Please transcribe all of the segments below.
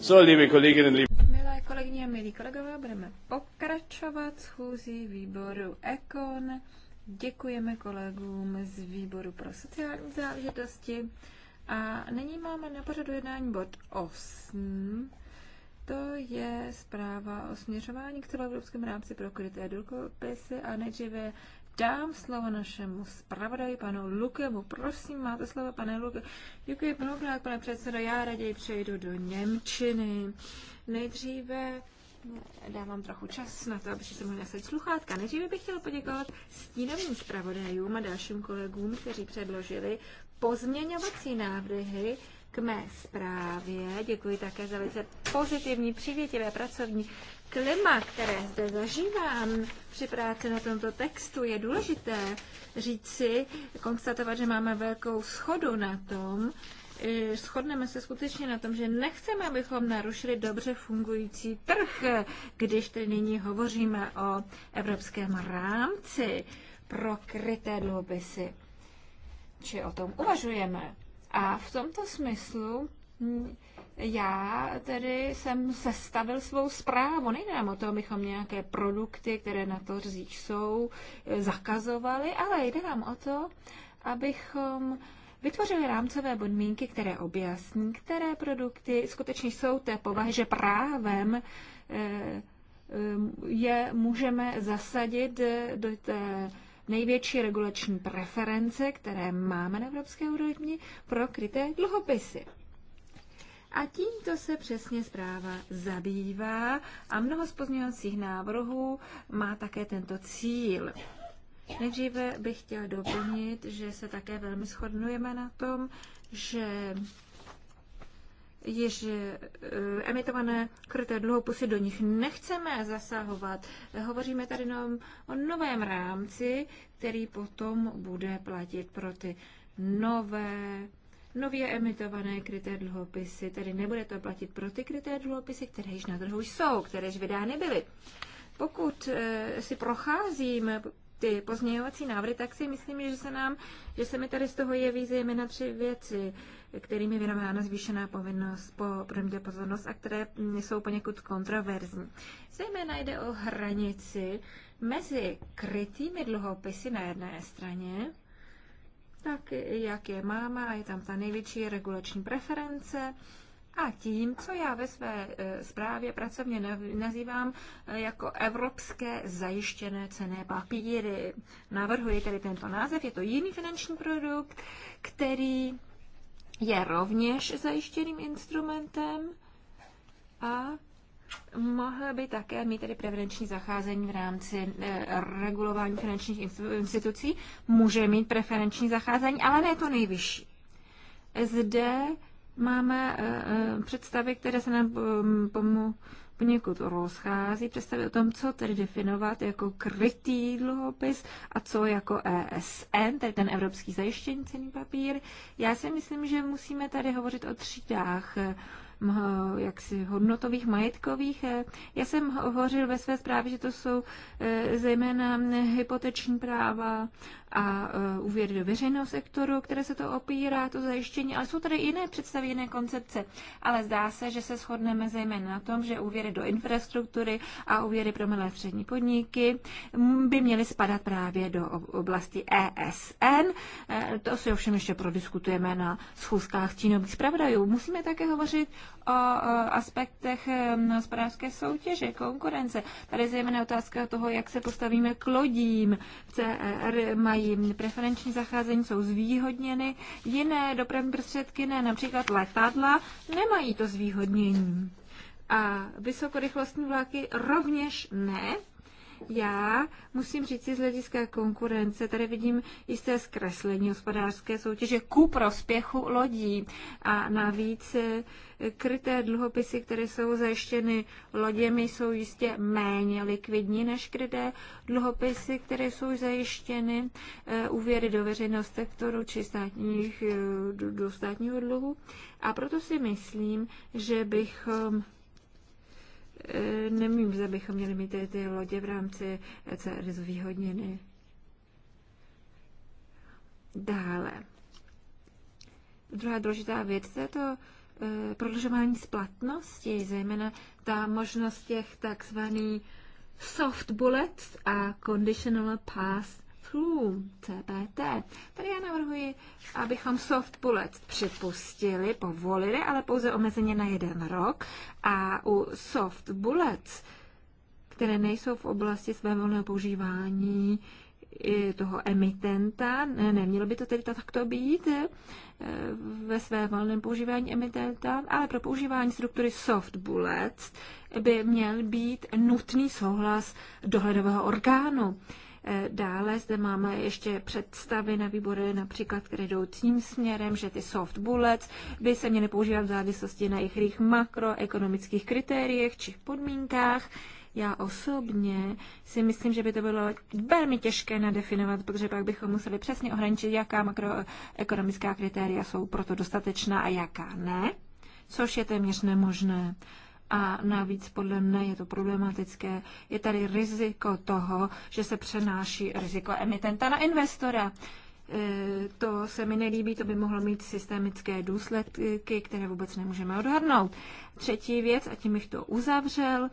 So, liebe Kolleginnen, liebe Milé kolegyně, milí kolegové, budeme pokračovat schůzí výboru Ekon. Děkujeme kolegům z výboru pro sociální záležitosti. A nyní máme na pořadu jednání bod 8. To je zpráva o směřování k celoevropském rámci pro kryté dluhopisy a nejdříve dám slovo našemu zpravodaji, panu Lukemu. Prosím, máte slovo, pane Luke. Děkuji mnohokrát, pane předsedo. Já raději přejdu do Němčiny. Nejdříve dávám trochu čas na to, aby se mohli nasadit sluchátka. Nejdříve bych chtěla poděkovat stínovým zpravodajům a dalším kolegům, kteří předložili pozměňovací návrhy k mé zprávě. Děkuji také za velice pozitivní, přivětivé pracovní klima, které zde zažívám při práci na tomto textu, je důležité říci, konstatovat, že máme velkou schodu na tom, eh, shodneme se skutečně na tom, že nechceme, abychom narušili dobře fungující trh, když tedy nyní hovoříme o evropském rámci pro kryté dluhopisy. Či o tom uvažujeme. A v tomto smyslu já tedy jsem sestavil svou zprávu. Nejde nám o to, abychom nějaké produkty, které na to říč jsou, eh, zakazovali, ale jde nám o to, abychom vytvořili rámcové podmínky, které objasní, které produkty skutečně jsou té povahy, že právem eh, eh, je můžeme zasadit do té největší regulační preference, které máme na evropské úrovni pro kryté dluhopisy. A tímto se přesně zpráva zabývá a mnoho z pozměňovacích návrhů má také tento cíl. Nejdříve bych chtěla doplnit, že se také velmi shodnujeme na tom, že již e, emitované kryté dluhopusy do nich nechceme zasahovat. Hovoříme tady jenom o novém rámci, který potom bude platit pro ty nové nově emitované kryté dluhopisy, tedy nebude to platit pro ty kryté dluhopisy, které již na trhu jsou, které již vydány byly. Pokud eh, si procházím ty pozměňovací návrhy, tak si myslím, že se nám, že se mi tady z toho jeví zejména tři věci, kterými je věnována zvýšená povinnost, po, první pozornost, a které jsou poněkud kontroverzní. Zejména jde o hranici mezi krytými dluhopisy na jedné straně tak jak je máma, a je tam ta největší regulační preference a tím, co já ve své e, zprávě pracovně nazývám e, jako evropské zajištěné cené papíry. Navrhuji tedy tento název, je to jiný finanční produkt, který je rovněž zajištěným instrumentem a mohl by také mít tedy preferenční zacházení v rámci e, regulování finančních institucí, může mít preferenční zacházení, ale ne to nejvyšší. Zde máme e, představy, které se nám mm, pomů, poněkud rozchází, představy o tom, co tedy definovat jako krytý dluhopis a co jako ESN, tedy ten Evropský zajištění cený papír. Já si myslím, že musíme tady hovořit o třídách jaksi hodnotových, majetkových. Eh, já jsem hovořil ve své zprávě, že to jsou eh, zejména hm, hypoteční práva a úvěry e, do veřejného sektoru, které se to opírá, to zajištění, ale jsou tady jiné představy, jiné koncepce. Ale zdá se, že se shodneme zejména na tom, že úvěry do infrastruktury a úvěry pro malé střední podniky mm, by měly spadat právě do oblasti ESN. E, to si ovšem ještě prodiskutujeme na schůzkách stínových zpravodajů. Musíme také hovořit o aspektech eh, hospodářské soutěže, konkurence. Tady zejména otázka toho, jak se postavíme k lodím. CR mají preferenční zacházení, jsou zvýhodněny. Jiné dopravní prostředky ne, například letadla, nemají to zvýhodnění. A vysokorychlostní vlaky rovněž ne. Já musím říct z hlediska konkurence, tady vidím jisté zkreslení hospodářské soutěže ku prospěchu lodí a navíc eh, kryté dluhopisy, které jsou zajištěny loděmi, jsou jistě méně likvidní než kryté dluhopisy, které jsou zajištěny eh, úvěry do veřejného sektoru či státních, eh, do státního dluhu. A proto si myslím, že bychom Eh, nemím, že bychom měli mít ty, ty lodě v rámci ECR zvýhodněny. Dále. Druhá důležitá věc je to e, prodlužování splatnosti, zejména ta možnost těch takzvaných soft bullets a conditional pass proof, CPT. Tady já navrhuji, abychom soft bullet připustili, povolili, ale pouze omezeně na jeden rok. A u soft bullets, které nejsou v oblasti svévolného používání toho emitenta, nemělo by to tedy takto být eh, ve své volném používání emitenta, ale pro používání struktury soft bullets by měl být nutný souhlas dohledového orgánu. Dále zde máme ještě představy na výbory, například, které jdou tím směrem, že ty soft bullets by se měly používat v závislosti na jejich makroekonomických kritériích či podmínkách. Já osobně si myslím, že by to bylo velmi těžké nadefinovat, protože pak bychom museli přesně ohraničit, jaká makroekonomická kritéria jsou proto dostatečná a jaká ne, což je téměř nemožné a navíc podle mne je to problematické. Je tady riziko toho, že se přenáší riziko emitenta na investora. E, to se mi nelíbí, to by mohlo mít systémické důsledky, které vůbec nemůžeme odhadnout. Třetí věc, a tím bych to uzavřel,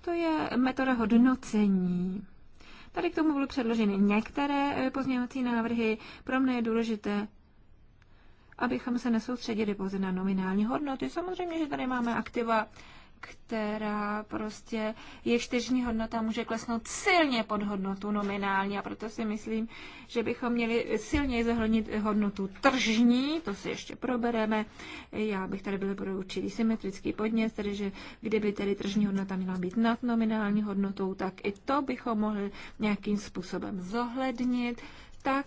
to je metoda hodnocení. Tady k tomu byly předloženy některé e, pozměňovací návrhy. Pro mě je důležité abychom se nesoustředili pouze na nominální hodnoty. Samozřejmě, že tady máme aktiva, která prostě je tržní hodnota může klesnout silně pod hodnotu nominální a proto si myslím, že bychom měli silněji zohlednit hodnotu tržní, to si ještě probereme. Já bych tady byl pro určitý symetrický podnět, tedy že kdyby tedy tržní hodnota měla být nad nominální hodnotou, tak i to bychom mohli nějakým způsobem zohlednit, tak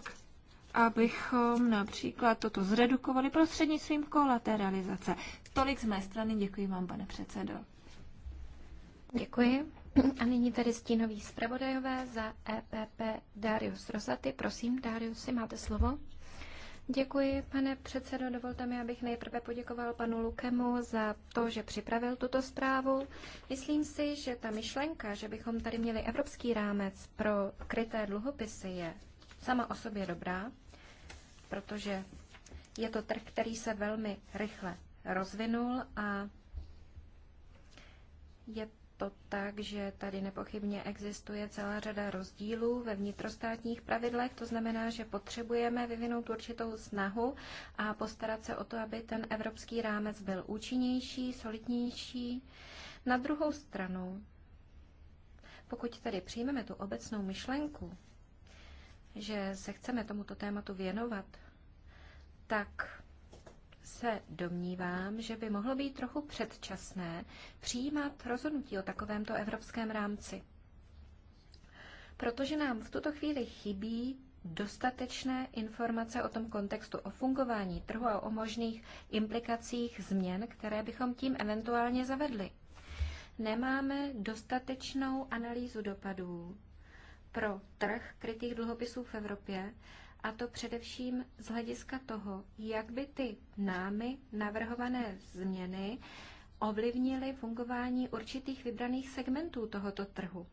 abychom například toto zredukovali prostřednictvím kolateralizace. Tolik z mé strany, děkuji vám, pane předsedo. Děkuji. A nyní tady stínový zpravodajové za EPP Darius Rosaty. Prosím, Dariusi, máte slovo. Děkuji, pane předsedo. Dovolte mi, abych nejprve poděkoval panu Lukemu za to, že připravil tuto zprávu. Myslím si, že ta myšlenka, že bychom tady měli evropský rámec pro kryté dluhopisy, je sama o sobě dobrá, protože je to trh, který se velmi rychle rozvinul a je to tak, že tady nepochybně existuje celá řada rozdílů ve vnitrostátních pravidlech. To znamená, že potřebujeme vyvinout určitou snahu a postarat se o to, aby ten evropský rámec byl účinnější, solidnější. Na druhou stranu, pokud tady přijmeme tu obecnou myšlenku, že se chceme tomuto tématu věnovat, tak se domnívám, že by mohlo být trochu předčasné přijímat rozhodnutí o takovémto evropském rámci. Protože nám v tuto chvíli chybí dostatečné informace o tom kontextu, o fungování trhu a o možných implikacích změn, které bychom tím eventuálně zavedli. Nemáme dostatečnou analýzu dopadů pro trh krytých dluhopisů v Evropě a to především z hlediska toho, jak by ty námi navrhované změny ovlivnily fungování určitých vybraných segmentů tohoto trhu.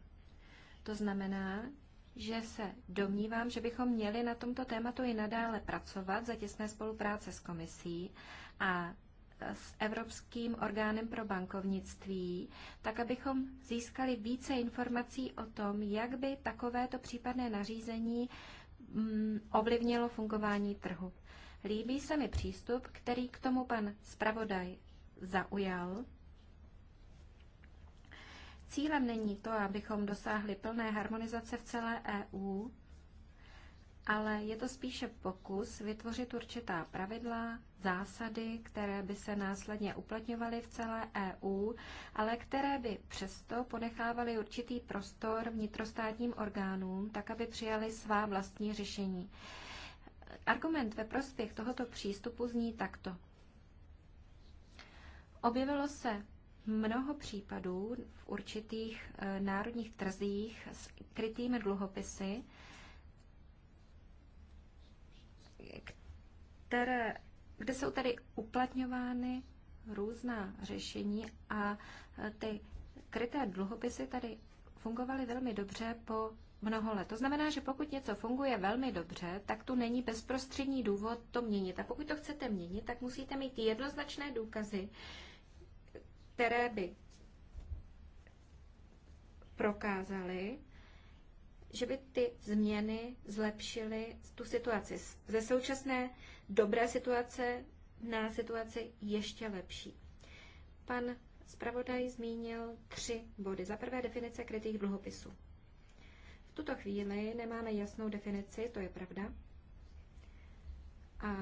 To znamená, že se domnívám, že bychom měli na tomto tématu i nadále pracovat za těsné spolupráce s komisí a s Evropským orgánem pro bankovnictví, tak abychom získali více informací o tom, jak by takovéto případné nařízení Mm, ovlivnilo fungování trhu. Líbí se mi přístup, který k tomu pan zpravodaj zaujal. Cílem není to, abychom dosáhli plné harmonizace v celé EU, ale je to spíše pokus vytvořit určitá pravidla, zásady, které by se následně uplatňovaly v celé EU, ale které by přesto ponechávaly určitý prostor vnitrostátním orgánům, tak aby přijali svá vlastní řešení. Argument ve prospěch tohoto přístupu zní takto. Objevilo se mnoho případů v určitých eh, národních trzích s krytými dluhopisy, které, kde jsou tady uplatňovány různá řešení a e, ty kryté dluhopisy tady fungovaly velmi dobře po mnoho let. To znamená, že pokud něco funguje velmi dobře, tak tu není bezprostřední důvod to měnit. A pokud to chcete měnit, tak musíte mít jednoznačné důkazy, které by prokázaly, že by ty změny zlepšily tu situaci ze současné dobré situace na situaci ještě lepší. Pan zpravodaj zmínil tři body. Za prvé definice krytých dluhopisů. V tuto chvíli nemáme jasnou definici, to je pravda. A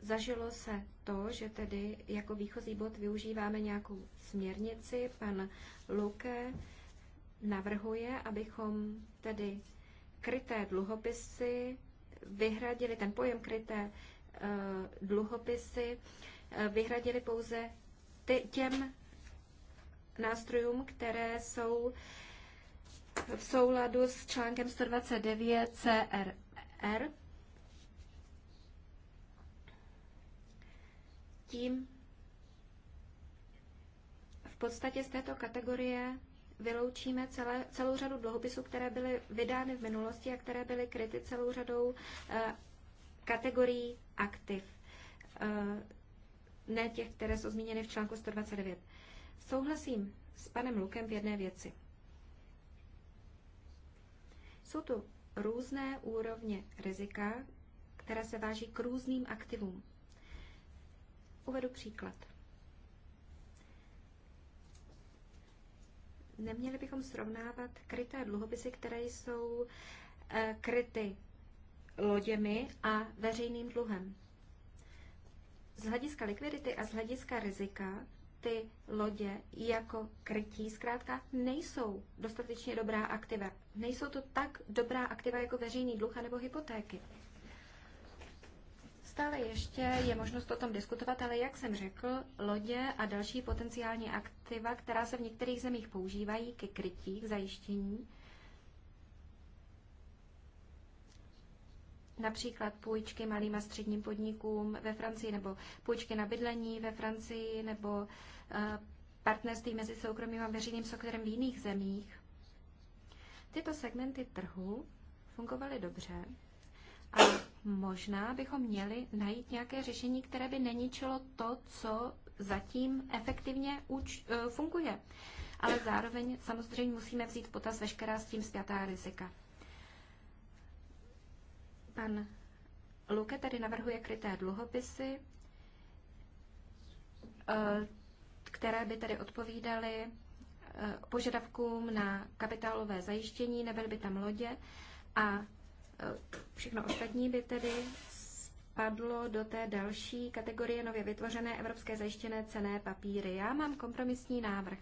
zažilo se to, že tedy jako výchozí bod využíváme nějakou směrnici. Pan Luke navrhuje, abychom tedy kryté dluhopisy vyhradili, ten pojem kryté eh, dluhopisy eh, vyhradili pouze těm nástrojům, které jsou v souladu s článkem 129 CRR. Tím v podstatě z této kategorie vyloučíme celé, celou řadu dluhopisů, které byly vydány v minulosti a které byly kryty celou řadou eh, kategorií aktiv, eh, ne těch, které jsou zmíněny v článku 129. Souhlasím s panem Lukem v jedné věci. Jsou tu různé úrovně rizika, které se váží k různým aktivům. Uvedu příklad. Neměli bychom srovnávat kryté dluhopisy, které jsou eh, kryty loděmi a veřejným dluhem. Z hlediska likvidity a z hlediska rizika ty lodě jako krytí zkrátka nejsou dostatečně dobrá aktiva. Nejsou to tak dobrá aktiva jako veřejný dluh nebo hypotéky. Stále ještě je možnost o tom diskutovat, ale jak jsem řekl, lodě a další potenciální aktiva, která se v některých zemích používají ke krytí, k zajištění, například půjčky malým a středním podnikům ve Francii nebo půjčky na bydlení ve Francii nebo eh, partnerství mezi soukromým a veřejným sektorem v jiných zemích. Tyto segmenty trhu fungovaly dobře a možná bychom měli najít nějaké řešení, které by neničilo to, co zatím efektivně uč, eh, funguje. Ale zároveň samozřejmě musíme vzít v potaz veškerá s tím zpětá rizika. Pan Luke tady navrhuje kryté dluhopisy, eh, které by tedy odpovídaly eh, požadavkům na kapitálové zajištění, nebyly by tam lodě a Všechno ostatní by tedy spadlo do té další kategorie nově vytvořené evropské zajištěné cené papíry. Já mám kompromisní návrh.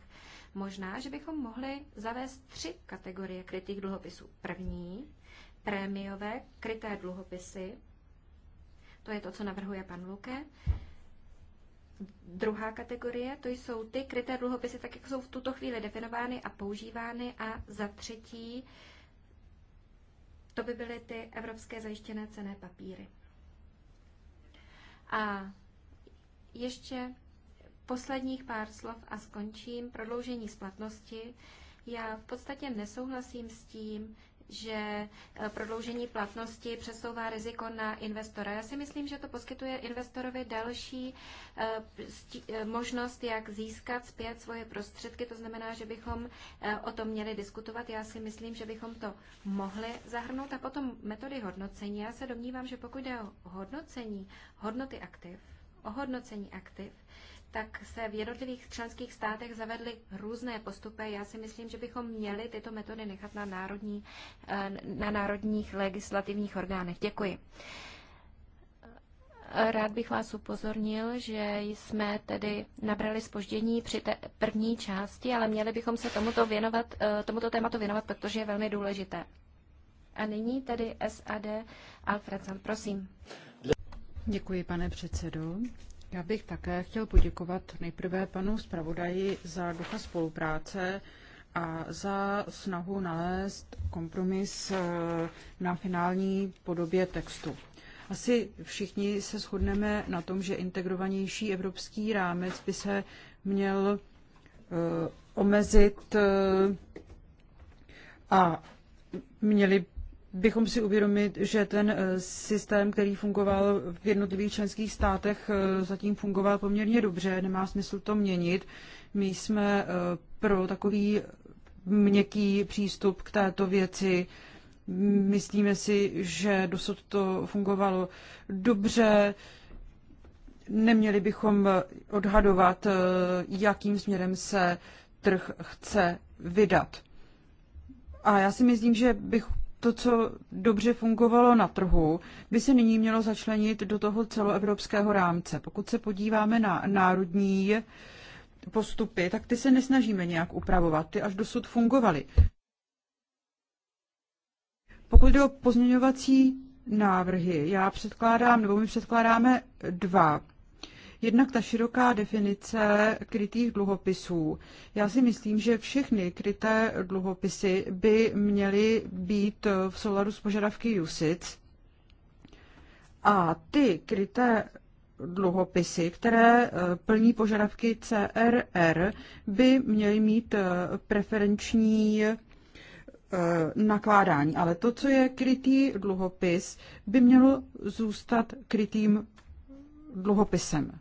Možná, že bychom mohli zavést tři kategorie krytých dluhopisů. První, prémiové kryté dluhopisy, to je to, co navrhuje pan Luke. Druhá kategorie, to jsou ty kryté dluhopisy, tak jak jsou v tuto chvíli definovány a používány. A za třetí, to by byly ty evropské zajištěné cené papíry. A ještě posledních pár slov a skončím. Prodloužení splatnosti. Já v podstatě nesouhlasím s tím, že eh, prodloužení platnosti přesouvá riziko na investora. Já si myslím, že to poskytuje investorovi další eh, eh, možnost, jak získat zpět svoje prostředky. To znamená, že bychom o tom měli diskutovat. Já si myslím, že bychom to mohli zahrnout. A potom metody hodnocení. Já se domnívám, že pokud jde o hodnocení hodnoty aktiv, o hodnocení aktiv, tak se v jednotlivých členských státech zavedly různé postupy. Já si myslím, že bychom měli tyto metody nechat na, národní, eh, na národních legislativních orgánech. Děkuji. Rád bych vás upozornil, že jsme tedy nabrali spoždění při té první části, ale měli bychom se tomuto, věnovat, eh, tomuto tématu věnovat, protože je velmi důležité. A nyní tedy SAD Alfredson, prosím. Děkuji, pane předsedo. Já bych také chtěl poděkovat nejprve panu zpravodaji za ducha spolupráce a za snahu nalézt kompromis eh, na finální podobě textu. Asi všichni se shodneme na tom, že integrovanější evropský rámec by se měl eh, omezit eh, a měli bychom si uvědomit, že ten eh, systém, který fungoval v jednotlivých členských státech, eh, zatím fungoval poměrně dobře, nemá smysl to měnit. My jsme eh, pro takový měkký přístup k této věci. Myslíme si, že dosud to fungovalo dobře. Neměli bychom odhadovat, jakým směrem se trh chce vydat. A já si myslím, že bych to, co dobře fungovalo na trhu, by se nyní mělo začlenit do toho celoevropského rámce. Pokud se podíváme na národní postupy, tak ty se nesnažíme nějak upravovat, ty až dosud fungovaly. Pokud jde o pozměňovací návrhy, já předkládám, nebo my předkládáme dva Jednak ta široká definice krytých dluhopisů. Já si myslím, že všechny kryté dluhopisy by měly být v souladu s požadavky USIC. A ty kryté dluhopisy, které e, plní požadavky CRR, by měly mít e, preferenční e, nakládání. Ale to, co je krytý dluhopis, by mělo zůstat krytým dluhopisem.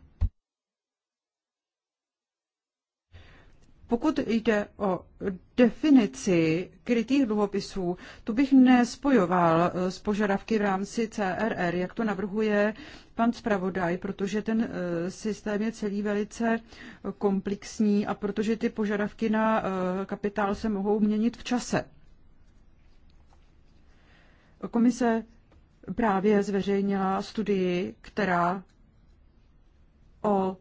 Pokud jde o definici krytých dluhopisů, tu bych nespojoval eh, s požadavky v rámci CRR, jak to navrhuje pan zpravodaj, protože ten eh, systém je celý velice komplexní a protože ty požadavky na eh, kapitál se mohou měnit v čase. Komise právě zveřejnila studii, která o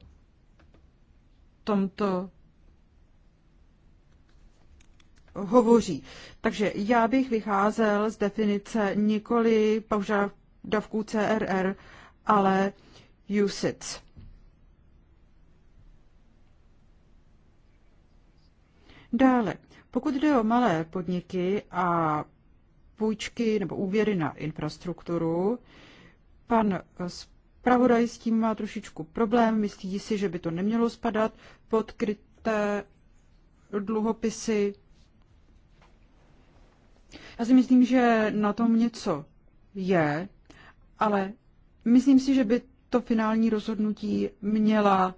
tomto hovoří. Takže já bych vycházel z definice nikoli požadavků CRR, ale USITS. Dále, pokud jde o malé podniky a půjčky nebo úvěry na infrastrukturu, pan zpravodaj s tím má trošičku problém, myslí si, že by to nemělo spadat pod kryté dluhopisy já si myslím, že na tom něco je, ale myslím si, že by to finální rozhodnutí měla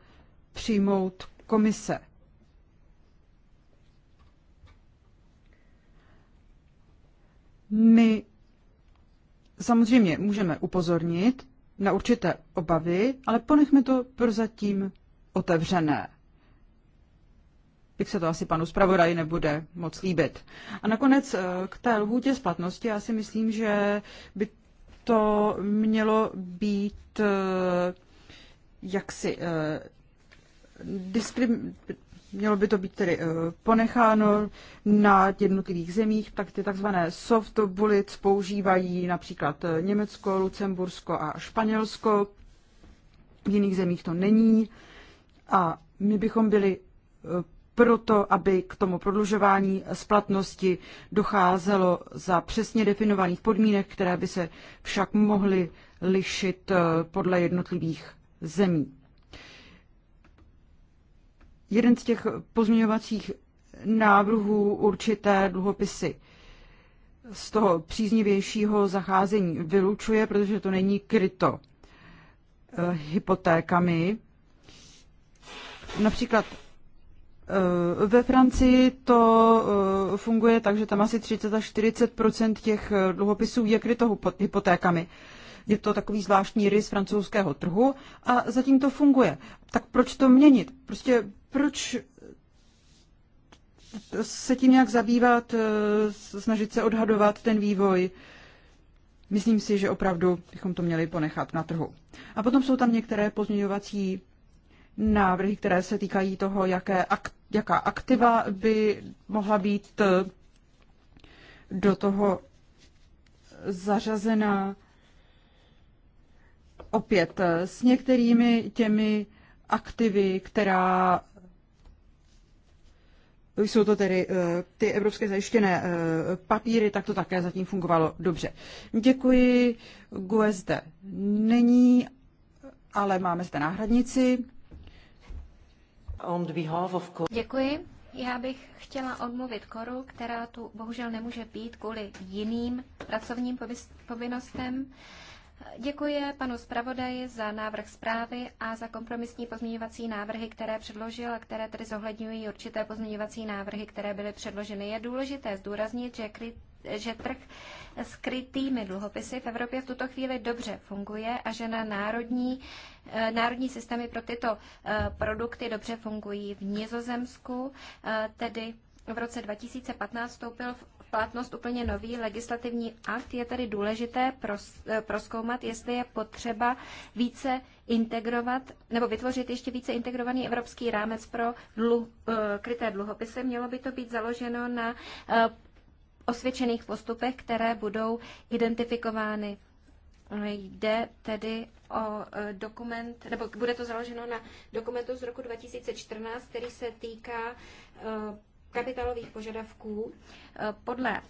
přijmout komise. My samozřejmě můžeme upozornit na určité obavy, ale ponechme to prozatím otevřené byť se to asi panu zpravodaji nebude moc líbit. A nakonec eh, k té lhůtě splatnosti já si myslím, že by to mělo být eh, jaksi eh, diskrim, mělo by to být tedy ponecháno na jednotlivých zemích, tak ty takzvané soft bullets používají například Německo, Lucembursko a Španělsko. V jiných zemích to není. A my bychom byli proto, aby k tomu prodlužování splatnosti docházelo za přesně definovaných podmínek, které by se však mohly lišit eh, podle jednotlivých zemí. Jeden z těch pozměňovacích návrhů určité dluhopisy z toho příznivějšího zacházení vylučuje, protože to není kryto eh, hypotékami. Například Eh, ve Francii to eh, funguje tak, že tam asi 30 až 40 těch eh, dluhopisů je kryto hypotékami. Je to takový zvláštní rys francouzského trhu a zatím to funguje. Tak proč to měnit? Prostě proč se tím nějak zabývat, snažit se odhadovat ten vývoj? Myslím si, že opravdu bychom to měli ponechat na trhu. A potom jsou tam některé pozměňovací návrhy, které se týkají toho, jaké, jaká aktiva by mohla být eh, do toho zařazena opět eh, s některými těmi aktivy, která jsou to tedy eh, ty evropské zajištěné papíry, tak to také zatím fungovalo dobře. Děkuji. GUSD není, ale máme zde náhradnici. Děkuji. Já bych chtěla odmluvit Koru, která tu bohužel nemůže být kvůli jiným pracovním povinnostem. Děkuji panu zpravodaji za návrh zprávy a za kompromisní pozměňovací návrhy, které předložil a které tedy zohledňují určité pozměňovací návrhy, které byly předloženy. Je důležité zdůraznit, že že trh s krytými dluhopisy v Evropě v tuto chvíli dobře funguje a že na národní, eh, národní systémy pro tyto eh, produkty dobře fungují v Nizozemsku, eh, tedy v roce 2015 vstoupil v platnost úplně nový legislativní akt. Je tedy důležité pros, proskoumat, jestli je potřeba více integrovat nebo vytvořit ještě více integrovaný evropský rámec pro dlu, kryté dluhopisy. Mělo by to být založeno na osvědčených postupech, které budou identifikovány. Jde tedy o e, dokument, nebo bude to založeno na dokumentu z roku 2014, který se týká e, kapitálových požadavků. E, podle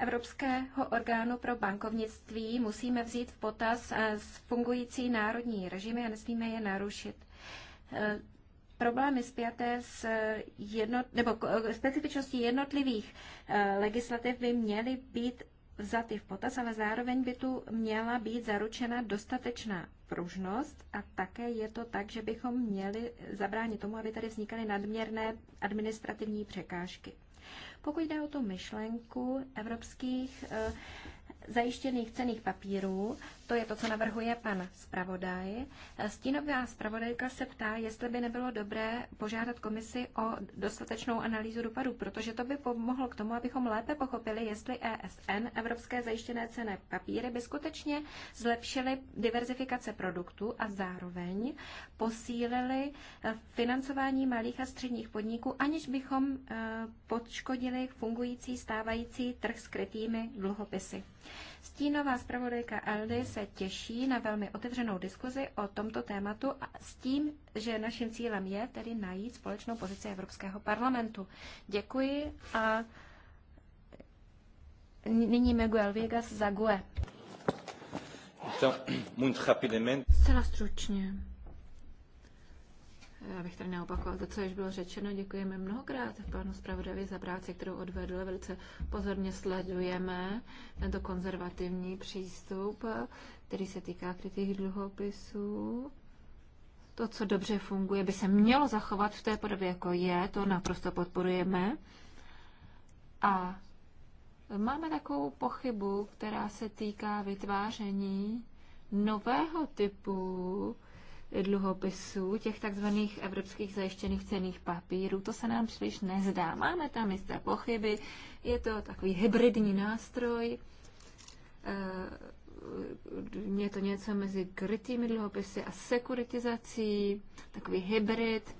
Evropského orgánu pro bankovnictví musíme vzít v potaz fungující národní režimy a nesmíme je narušit problémy spjaté s jednot, nebo specifičností jednotlivých eh, legislativ by měly být vzaty v potaz, ale zároveň by tu měla být zaručena dostatečná pružnost a také je to tak, že bychom měli zabránit tomu, aby tady vznikaly nadměrné administrativní překážky. Pokud jde o tu myšlenku evropských eh, zajištěných cených papírů, to je to, co navrhuje pan zpravodaj. Stínová zpravodajka se ptá, jestli by nebylo dobré požádat komisi o dostatečnou analýzu dopadů, protože to by pomohlo k tomu, abychom lépe pochopili, jestli ESN, Evropské zajištěné cené papíry, by skutečně zlepšily diverzifikace produktů a zároveň posílili eh, financování malých a středních podniků, aniž bychom eh, podškodili fungující stávající trh s krytými dluhopisy. Stínová zpravodajka Eldy se těší na velmi otevřenou diskuzi o tomto tématu a s tím, že naším cílem je tedy najít společnou pozici Evropského parlamentu. Děkuji a nyní Miguel Vigas za GUE. Zcela stručně. Já bych tady neopakoval to, co již bylo řečeno. Děkujeme mnohokrát panu zpravodavi za práci, kterou odvedl. Velice pozorně sledujeme tento konzervativní přístup, který se týká krytých dluhopisů. To, co dobře funguje, by se mělo zachovat v té podobě, jako je. To naprosto podporujeme. A máme takovou pochybu, která se týká vytváření nového typu dluhopisů, těch takzvaných evropských zajištěných cených papírů. To se nám příliš nezdá. Máme tam jisté pochyby. Je to takový hybridní nástroj. Eh, je to něco mezi krytými dluhopisy a sekuritizací, takový hybrid.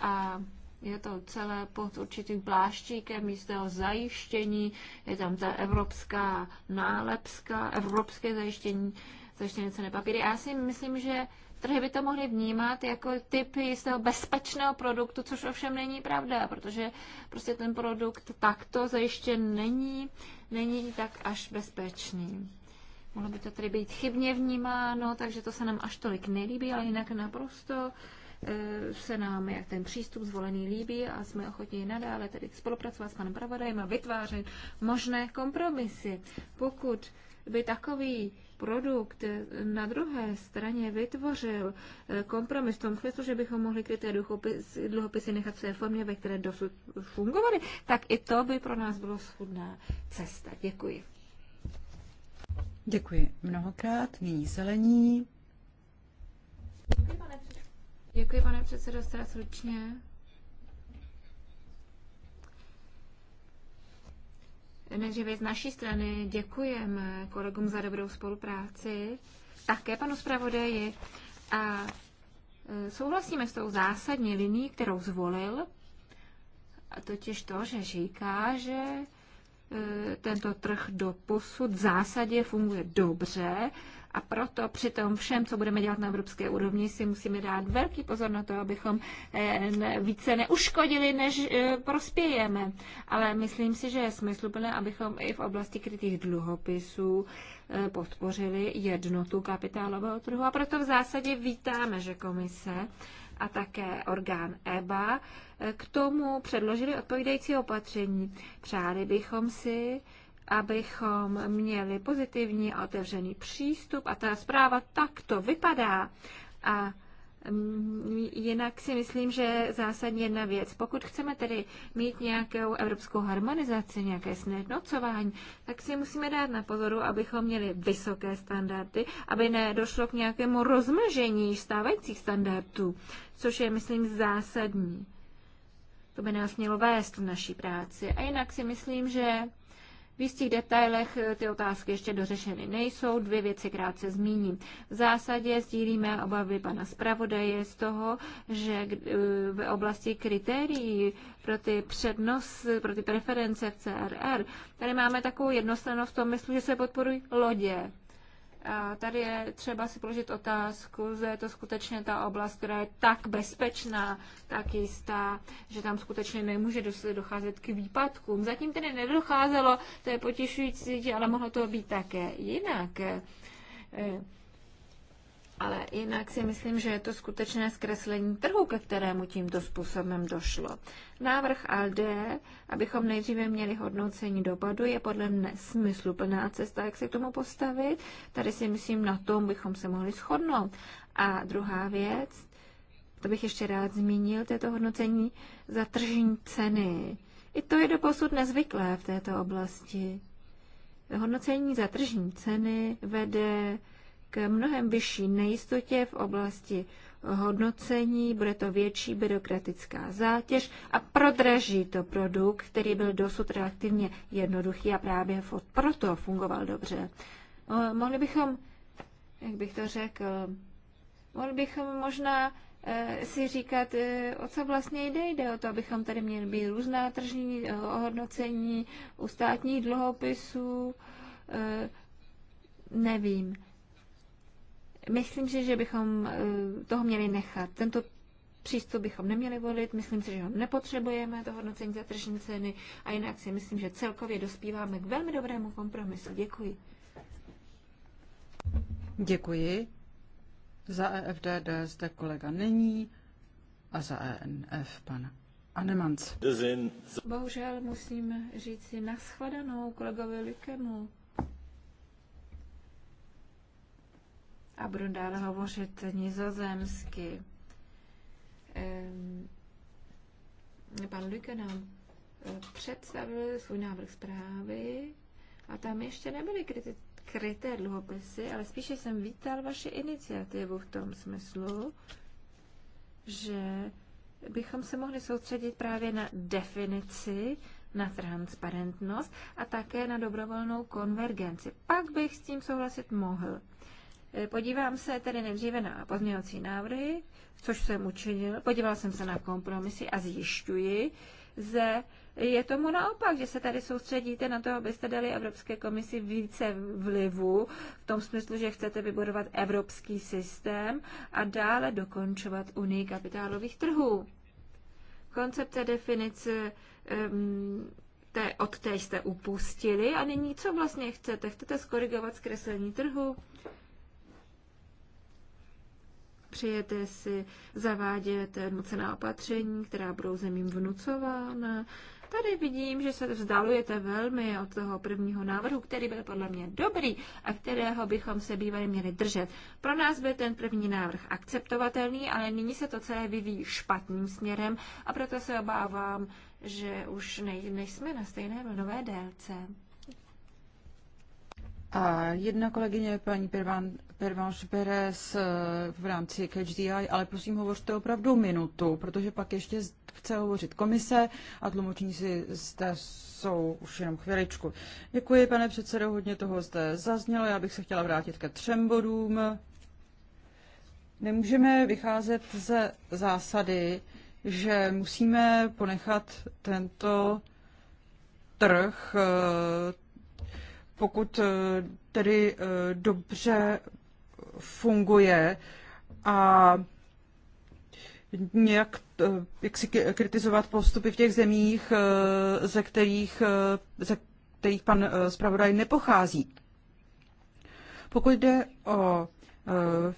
A je to celé pod určitým pláštíkem jistého zajištění, je tam ta evropská nálepska, evropské zajištění, zajištěné cené papíry. Já si myslím, že Trhy by to mohly vnímat jako typ jistého bezpečného produktu, což ovšem není pravda, protože prostě ten produkt takto zajištěn není, není tak až bezpečný. Mohlo by to tedy být chybně vnímáno, takže to se nám až tolik nelíbí, ale jinak naprosto eh, se nám jak ten přístup zvolený líbí a jsme ochotni nadále tedy spolupracovat s panem Pravodajem a vytvářet možné kompromisy. Pokud by takový produkt na druhé straně vytvořil eh, kompromis v tom smyslu, že bychom mohli kryté dluhopisy, dluhopisy nechat v té formě, ve které dosud fungovaly, tak i to by pro nás bylo schudná cesta. Děkuji. Děkuji mnohokrát. Nyní zelení. Děkuji, pane, Děkuji, pane předsedo, stručně. Nejdříve z naší strany děkujeme kolegům za dobrou spolupráci, také panu zpravodaji a e, souhlasíme s tou zásadní linií, kterou zvolil, a totiž to, že říká, že e, tento trh do posud v zásadě funguje dobře a proto při tom všem, co budeme dělat na evropské úrovni, si musíme dát velký pozor na to, abychom eh, více neuškodili, než eh, prospějeme. Ale myslím si, že je smysluplné, abychom i v oblasti krytých dluhopisů eh, podpořili jednotu kapitálového trhu. A proto v zásadě vítáme, že komise a také orgán EBA k tomu předložili odpovídající opatření. Přáli bychom si, abychom měli pozitivní a otevřený přístup. A ta zpráva takto vypadá. A mm, Jinak si myslím, že zásadně jedna věc. Pokud chceme tedy mít nějakou evropskou harmonizaci, nějaké snednocování, tak si musíme dát na pozoru, abychom měli vysoké standardy, aby nedošlo k nějakému rozmlžení stávajících standardů, což je, myslím, zásadní. To by nás mělo vést v naší práci. A jinak si myslím, že v jistých detailech eh, ty otázky ještě dořešeny nejsou. Dvě věci krátce zmíním. V zásadě sdílíme obavy pana zpravodaje z toho, že eh, v oblasti kritérií pro ty přednos, pro ty preference v CRR, tady máme takovou jednostranost v tom myslu, že se podporují lodě a tady je třeba si položit otázku, že je to skutečně ta oblast, která je tak bezpečná, tak jistá, že tam skutečně nemůže docházet k výpadkům. Zatím tedy nedocházelo, to je potěšující, ale mohlo to být také jinak. Eh, ale jinak si myslím, že je to skutečné zkreslení trhu, ke kterému tímto způsobem došlo. Návrh ALD, abychom nejdříve měli hodnocení dopadu, je podle mne smysluplná cesta, jak se k tomu postavit. Tady si myslím, na tom bychom se mohli shodnout. A druhá věc, to bych ještě rád zmínil, to je to hodnocení za tržní ceny. I to je doposud nezvyklé v této oblasti. Hodnocení za tržní ceny vede k mnohem vyšší nejistotě v oblasti hodnocení, bude to větší byrokratická zátěž a prodraží to produkt, který byl dosud relativně jednoduchý a právě proto fungoval dobře. Mohli bychom, jak bych to řekl, mohli bychom možná e, si říkat, e, o co vlastně jde. Jde o to, abychom tady měli být různá tržní e, ohodnocení u státních dluhopisů, nevím. Myslím si, že bychom eh, toho měli nechat. Tento přístup bychom neměli volit, myslím si, že ho nepotřebujeme, to hodnocení za tržní ceny, a jinak si myslím, že celkově dospíváme k velmi dobrému kompromisu. Děkuji. Děkuji. Za EFDD zde kolega není a za ENF pan Anemanc. Bohužel musím říct si naschledanou kolegovi Likemu. a budu dál hovořit nizozemsky. Pan Luke nám eh, představil svůj návrh zprávy a tam ještě nebyly kriti- kryté dluhopisy, ale spíše jsem vítal vaši iniciativu v tom smyslu, že bychom se mohli soustředit právě na definici, na transparentnost a také na dobrovolnou konvergenci. Pak bych s tím souhlasit mohl. Eh, podívám se tedy nejdříve na pozměňovací návrhy, což jsem učinil. Podíval jsem se na kompromisy a zjišťuji, že je tomu naopak, že se tady soustředíte na to, abyste dali Evropské komisi více vlivu, v tom smyslu, že chcete vybudovat evropský systém a dále dokončovat unii kapitálových trhů. Koncepce definice um, té, od té jste upustili a nyní co vlastně chcete? Chcete skorigovat zkreslení trhu? přejete si zavádět nucená opatření, která budou zemím vnucována. Tady vidím, že se vzdalujete velmi od toho prvního návrhu, který byl podle mě dobrý a kterého bychom se bývali měli držet. Pro nás byl ten první návrh akceptovatelný, ale nyní se to celé vyvíjí špatným směrem a proto se obávám, že už nej, nejsme na stejné vlnové délce. A jedna kolegyně, paní Pervanš Perez eh, v rámci CatchDI, ale prosím hovořte opravdu minutu, protože pak ještě chce hovořit komise a tlumočníci zde jsou už jenom chviličku. Děkuji, pane předsedo, hodně toho zde zaznělo. Já bych se chtěla vrátit ke třem bodům. Nemůžeme vycházet ze zásady, že musíme ponechat tento trh eh, pokud eh, tedy eh, dobře funguje a nějak eh, jak si kritizovat postupy v těch zemích, ze kterých, ze kterých pan zpravodaj nepochází. Pokud jde o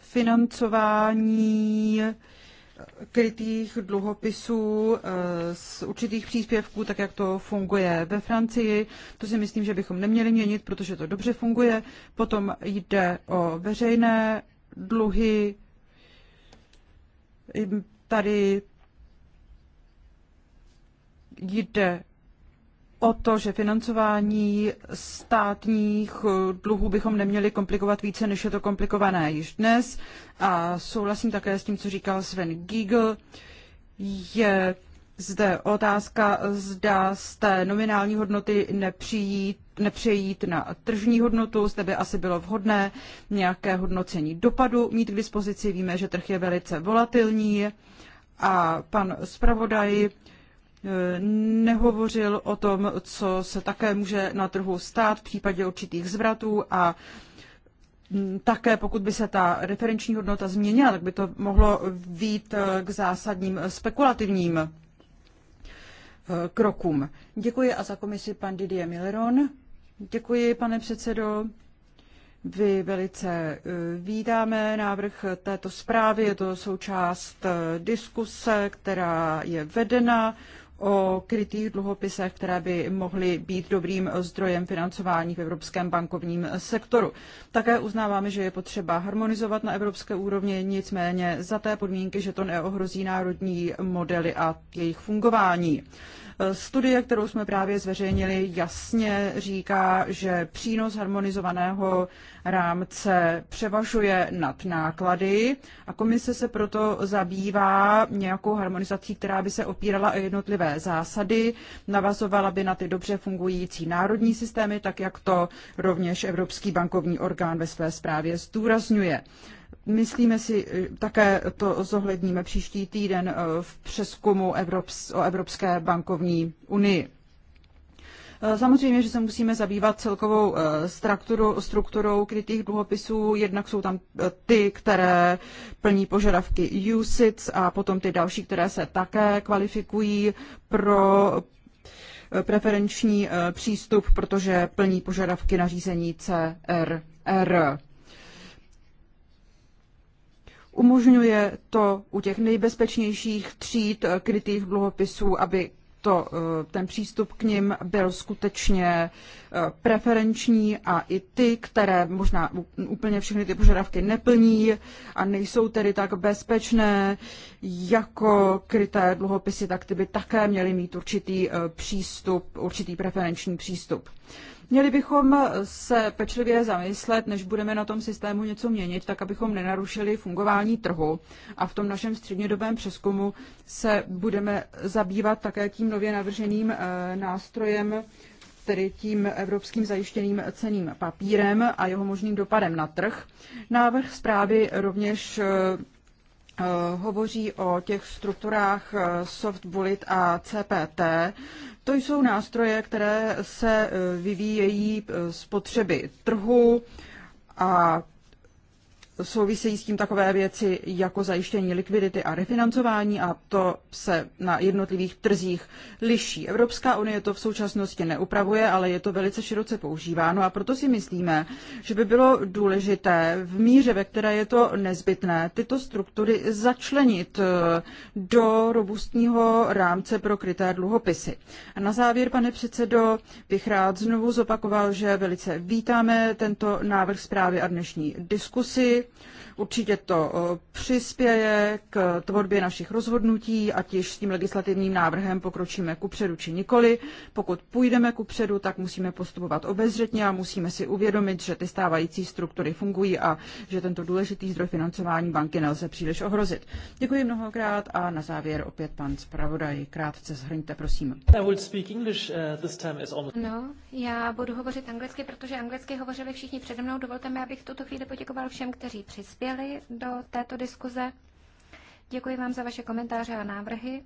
financování krytých dluhopisů eh, z určitých příspěvků, tak jak to funguje ve Francii. To si myslím, že bychom neměli měnit, protože to dobře funguje. Potom jde o veřejné dluhy. Tady jde o to, že financování státních eh, dluhů bychom neměli komplikovat více, než je to komplikované již dnes. A souhlasím také s tím, co říkal Sven Giegel. Je zde otázka, zda z té nominální hodnoty nepřijít, nepřejít na tržní hodnotu. Zde by asi bylo vhodné nějaké hodnocení dopadu mít k dispozici. Víme, že trh je velice volatilní a pan zpravodaj nehovořil o tom, co se také může na trhu stát v případě určitých zvratů a také pokud by se ta referenční hodnota změnila, tak by to mohlo být eh, k zásadním spekulativním eh, krokům. Děkuji a za komisi pan Didier Milleron. Děkuji, pane předsedo. Vy velice eh, vítáme návrh této zprávy. Je to součást diskuse, která je vedena o krytých dluhopisech, které by mohly být dobrým zdrojem financování v evropském bankovním sektoru. Také uznáváme, že je potřeba harmonizovat na evropské úrovni, nicméně za té podmínky, že to neohrozí národní modely a jejich fungování. Studie, kterou jsme právě zveřejnili, jasně říká, že přínos harmonizovaného rámce převažuje nad náklady a komise se proto zabývá nějakou harmonizací, která by se opírala o jednotlivé zásady, navazovala by na ty dobře fungující národní systémy, tak jak to rovněž Evropský bankovní orgán ve své zprávě zdůrazňuje. Myslíme si, eh, také to zohledníme příští týden eh, v přeskumu Evrops, o Evropské bankovní unii. Eh, samozřejmě, že se musíme zabývat celkovou strukturu, strukturou krytých dluhopisů. Jednak jsou tam ty, které plní požadavky USITS a potom ty další, které se také kvalifikují pro preferenční přístup, protože plní požadavky nařízení CRR. Umožňuje to u těch nejbezpečnějších tříd eh, krytých dluhopisů, aby to, eh, ten přístup k nim byl skutečně eh, preferenční a i ty, které možná úplně všechny ty požadavky neplní a nejsou tedy tak bezpečné jako kryté dluhopisy, tak ty by také měly mít určitý přístup, určitý preferenční přístup. Měli bychom se pečlivě zamyslet, než budeme na tom systému něco měnit, tak abychom nenarušili fungování trhu. A v tom našem střednědobém přeskumu se budeme zabývat také tím nově navrženým eh, nástrojem, tedy tím evropským zajištěným ceným papírem a jeho možným dopadem na trh. Návrh zprávy rovněž eh, eh, hovoří o těch strukturách soft bullet a CPT, to jsou nástroje, které se e, vyvíjejí z e, potřeby trhu a souvisejí s tím takové věci jako zajištění likvidity a refinancování a to se na jednotlivých trzích liší. Evropská unie to v současnosti neupravuje, ale je to velice široce používáno a proto si myslíme, že by bylo důležité v míře, ve které je to nezbytné, tyto struktury začlenit eh, do robustního rámce pro kryté dluhopisy. A na závěr, pane předsedo, bych rád znovu zopakoval, že velice vítáme tento návrh zprávy a dnešní diskusi. Určitě to eh, přispěje k tvorbě našich rozhodnutí, ať již s tím legislativním návrhem pokročíme ku předu či nikoli. Pokud půjdeme ku předu, tak musíme postupovat obezřetně a musíme si uvědomit, že ty stávající struktury fungují a že tento důležitý zdroj financování banky nelze příliš ohrozit. Děkuji mnohokrát a na závěr opět pan zpravodaj. Krátce zhrňte, prosím. Uh, no, já budu hovořit anglicky, protože anglicky hovořili všichni přede mnou. Dovolte mi, abych v tuto chvíli poděkoval všem, kteří přispěli do této diskuze. Děkuji vám za vaše komentáře a návrhy,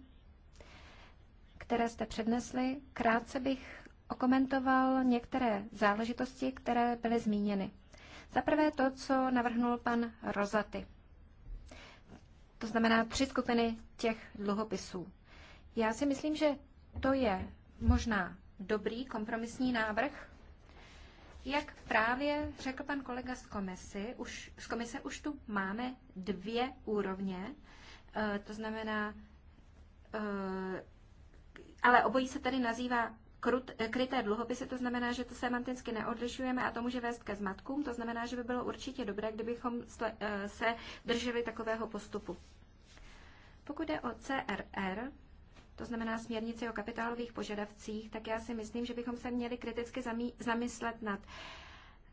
které jste přednesli. Krátce bych okomentoval některé záležitosti, které byly zmíněny. Za prvé to, co navrhnul pan Rozaty. To znamená tři skupiny těch dluhopisů. Já si myslím, že to je možná dobrý kompromisní návrh, jak právě řekl pan kolega z, komisy, už, z komise, už tu máme dvě úrovně, eh, to znamená, eh, ale obojí se tady nazývá krut, kryté dluhopisy, to znamená, že to semanticky neodlišujeme a to může vést ke zmatkům, to znamená, že by bylo určitě dobré, kdybychom eh, se drželi takového postupu. Pokud je o CRR, to znamená směrnice o kapitálových požadavcích, tak já si myslím, že bychom se měli kriticky zamyslet nad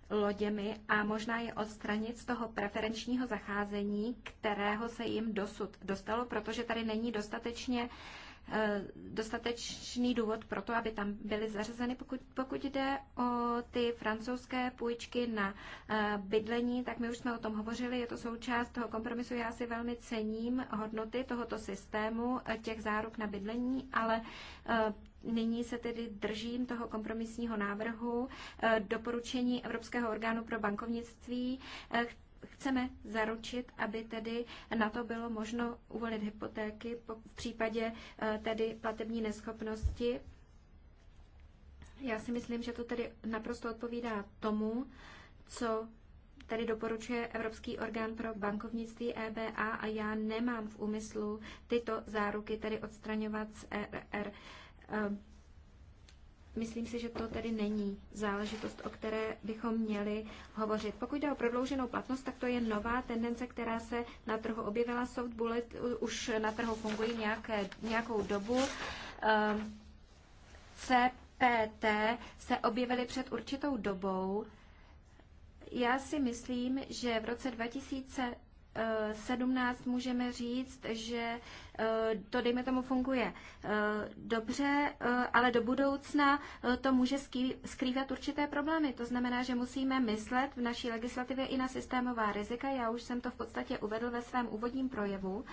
loděmi a možná je odstranit z toho preferenčního zacházení, kterého se jim dosud dostalo, protože tady není dostatečně uh, Eh, dostatečný důvod pro to, aby tam byly zařazeny. Pokud, pokud jde o ty francouzské půjčky na eh, bydlení, tak my už jsme o tom hovořili, je to součást toho kompromisu. Já si velmi cením hodnoty tohoto systému, eh, těch záruk na bydlení, ale Nyní se tedy držím toho kompromisního návrhu doporučení Evropského orgánu pro bankovnictví chceme zaručit, aby tedy na to bylo možno uvolit hypotéky v případě eh, tedy platební neschopnosti. Já si myslím, že to tedy naprosto odpovídá tomu, co tady doporučuje Evropský orgán pro bankovnictví EBA a já nemám v úmyslu tyto záruky tedy odstraňovat z ERR. Eh, Myslím si, že to tedy není záležitost, o které bychom měli hovořit. Pokud jde o prodlouženou platnost, tak to je nová tendence, která se na trhu objevila. Soft bullet už na trhu fungují nějaké, nějakou dobu. Ehm, CPT se objevily před určitou dobou. Já si myslím, že v roce 2000 17 můžeme říct, že eh, to, dejme tomu, funguje eh, dobře, eh, ale do budoucna to může skrývat určité problémy. To znamená, že musíme myslet v naší legislativě i na systémová rizika. Já už jsem to v podstatě uvedl ve svém úvodním projevu.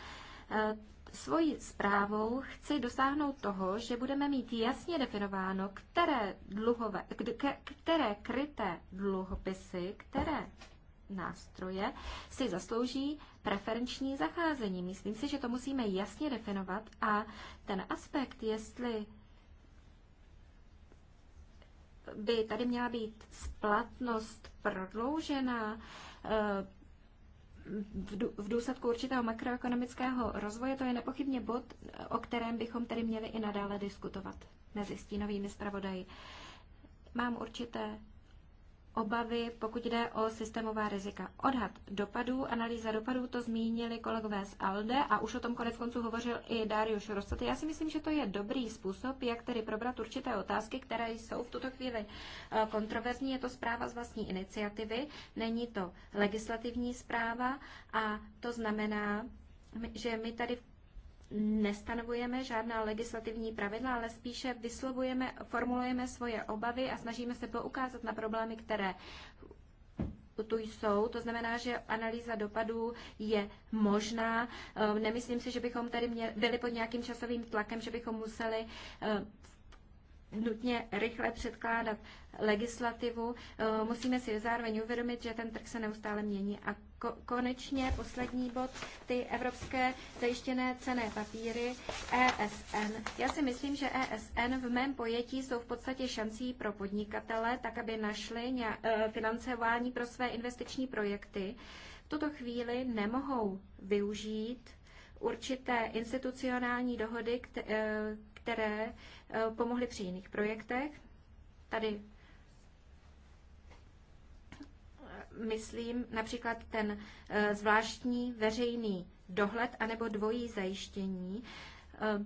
Svojí zprávou chci dosáhnout toho, že budeme mít jasně definováno, které, dluhové, které kryté dluhopisy, které nástroje si zaslouží preferenční zacházení. Myslím si, že to musíme jasně definovat a ten aspekt, jestli by tady měla být splatnost prodloužena eh, v důsledku určitého makroekonomického rozvoje, to je nepochybně bod, eh, o kterém bychom tedy měli i nadále diskutovat mezi stínovými zpravodaji. Mám určité obavy, pokud jde o systémová rizika. Odhad dopadů, analýza dopadů, to zmínili kolegové z ALDE a už o tom konec konců hovořil i Darius Rostoty. Já si myslím, že to je dobrý způsob, jak tedy probrat určité otázky, které jsou v tuto chvíli eh, kontroverzní. Je to zpráva z vlastní iniciativy, není to legislativní zpráva a to znamená, že my tady v nestanovujeme žádná legislativní pravidla, ale spíše vyslovujeme, formulujeme svoje obavy a snažíme se poukázat na problémy, které tu jsou. To znamená, že analýza dopadů je možná. Eh, nemyslím si, že bychom tady měli, byli pod nějakým časovým tlakem, že bychom museli eh, nutně rychle předkládat legislativu. Eh, musíme si zároveň uvědomit, že ten trh se neustále mění a konečně poslední bod, ty evropské zajištěné cené papíry ESN. Já si myslím, že ESN v mém pojetí jsou v podstatě šancí pro podnikatele, tak aby našli e, financování pro své investiční projekty. V tuto chvíli nemohou využít určité institucionální dohody, e, které e, pomohly při jiných projektech. Tady myslím například ten eh, zvláštní veřejný dohled anebo dvojí zajištění. Eh,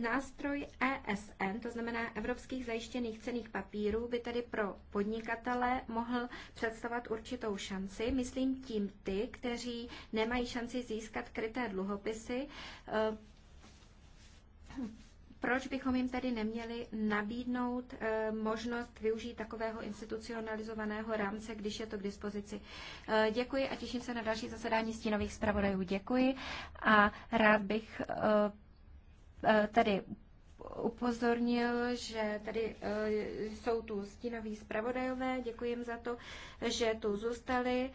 nástroj ESN, to znamená Evropských zajištěných cených papírů, by tedy pro podnikatele mohl představovat určitou šanci. Myslím tím ty, kteří nemají šanci získat kryté dluhopisy, eh, proč bychom jim tedy neměli nabídnout eh, možnost využít takového institucionalizovaného rámce, když je to k dispozici? Eh, děkuji a těším se na další zasedání stínových zpravodajů. Děkuji a rád bych eh, tady upozornil, že tady jsou tu stínoví zpravodajové, děkuji jim za to, že tu zůstali.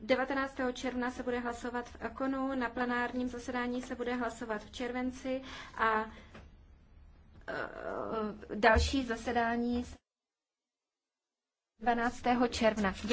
19. června se bude hlasovat v Akonu, na plenárním zasedání se bude hlasovat v červenci a další zasedání 12. června. Děkuji.